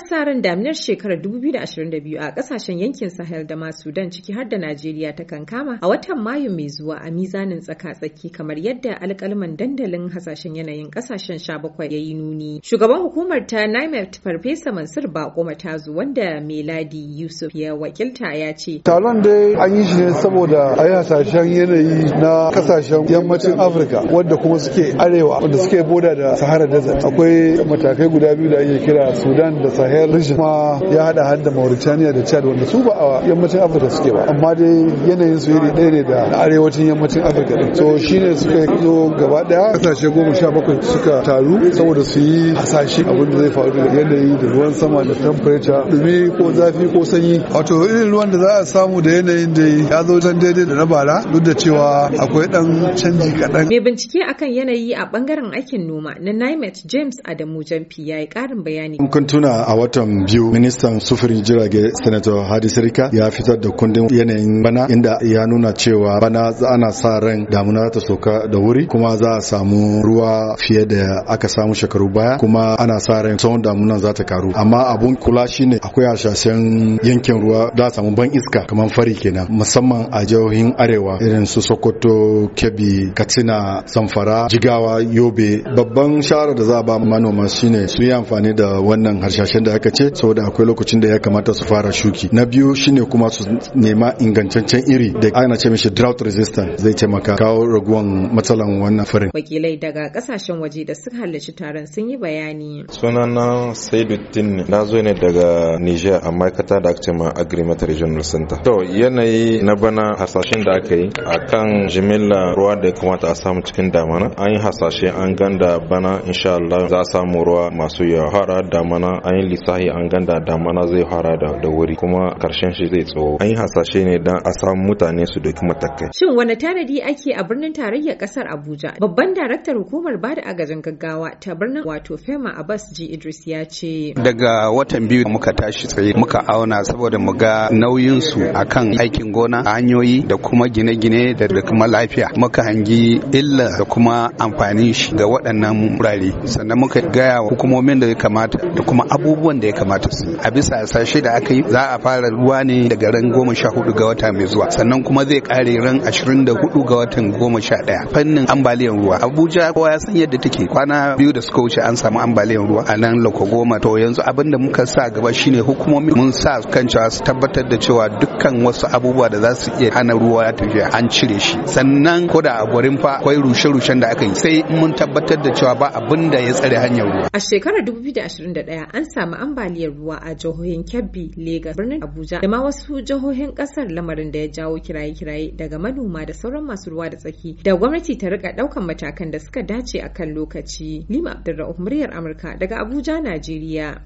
ana sa ran daminar shekarar 2022 a kasashen yankin Sahel da ma Sudan ciki har da Najeriya ta kankama a watan Mayu mai zuwa a mizanin tsaka-tsaki kamar yadda alkalman dandalin hasashen yanayin kasashen 17 ya yi nuni. Shugaban hukumar ta NIMET Farfesa Mansur Bako Matazu wanda Meladi Yusuf ya wakilta ya ce. Taron dai an yi shi ne saboda a yi hasashen yanayi na kasashen yammacin Afirka wadda kuma suke arewa wadda suke boda da Sahara Desert. Akwai matakai guda biyu da ake kira Sudan da Sahel. sahel region ma ya hada har da mauritania da chad wanda su ba a yammacin afirka suke ba amma dai yanayin su iri ɗaya ne da arewacin yammacin afirka din so shine suka zo gaba daya kasashe goma sha bakwai suka taru saboda su yi hasashe abin da zai faru da yanayi da ruwan sama da temperature dumi ko zafi ko sanyi wato irin ruwan da za a samu da yanayin da ya zo can daidai da na bara duk da cewa akwai dan canji kaɗan. mai bincike akan yanayi a bangaren aikin noma na nimet james adamu jamfi ya yi ƙarin bayani. kun tuna a watan biyu ministan sufurin jirage senator hadi sirika ya fitar da kundin yanayin bana inda ya nuna cewa bana ana sa ran damuna ta soka da wuri kuma za a samu ruwa fiye da aka samu shekaru baya kuma ana sa ran tsawon damuna za ta karu amma abun kula shine akwai hasashen yankin ruwa da samu ban iska kamar fari kenan musamman a jihohin arewa irin su sokoto kebbi katsina samfara jigawa yobe babban shawara da za a ba manoma shine su yi amfani da wannan harshashen yadda aka ce saboda akwai lokacin da ya kamata su fara shuki na biyu shine kuma su nema ingantaccen iri da ana ce mishi drought resistant zai taimaka kawo raguwan matsalan wannan farin wakilai daga kasashen waje da suka halarci taron sun yi bayani sunana saiduddin na zo ne daga niger a ma'aikata da aka ce ma agreement regional center to yanayi na bana hasashen da aka yi a kan jimilla ruwa da ya kamata a samu cikin damana an yi hasashe an ganda bana insha Allah za a samu ruwa masu yawa har damana an yi lissahi an ganda da mana zai fara da wuri kuma karshen shi zai tsawo an yi hasashe ne don a samu mutane su doki matakai shin wani tanadi ake a birnin tarayyar kasar abuja babban daraktar hukumar bada agajin gaggawa ta birnin wato fema abbas ji idris ya ce daga watan biyu muka tashi tsaye muka auna saboda mu ga nauyin su akan aikin gona hanyoyi da kuma gine-gine da kuma lafiya muka hangi illa da kuma amfanin shi ga waɗannan wurare sannan muka gaya hukumomin da ya kamata da kuma abubuwa abubuwan da ya kamata su a bisa sashe da aka yi za a fara ruwa ne daga ran goma sha hudu ga wata mai zuwa sannan kuma zai kare ran ashirin da hudu ga watan goma sha ɗaya fannin ambaliyar ruwa abuja kowa ya san yadda take kwana biyu da suka wuce an samu ambaliyar ruwa a nan loko goma to yanzu abin da muka sa gaba shine hukumomi mun sa kan cewa su tabbatar da cewa dukkan wasu abubuwa da za su iya hana ruwa ya tafiya an cire shi sannan ko da a gwarin fa akwai rushe-rushen da aka yi sai mun tabbatar da cewa ba abin da ya tsare hanyar ruwa a shekarar 2021 an Ama ambaliyar ruwa a jihohin Kebbi, Legas, birnin Abuja da ma wasu jihohin kasar lamarin da ya jawo kiraye-kiraye daga manoma da sauran masu ruwa da tsaki da gwamnati ta rika daukan matakan da suka dace a kan lokaci. Lima Abdulrahman muryar Amurka daga Abuja, Najeriya.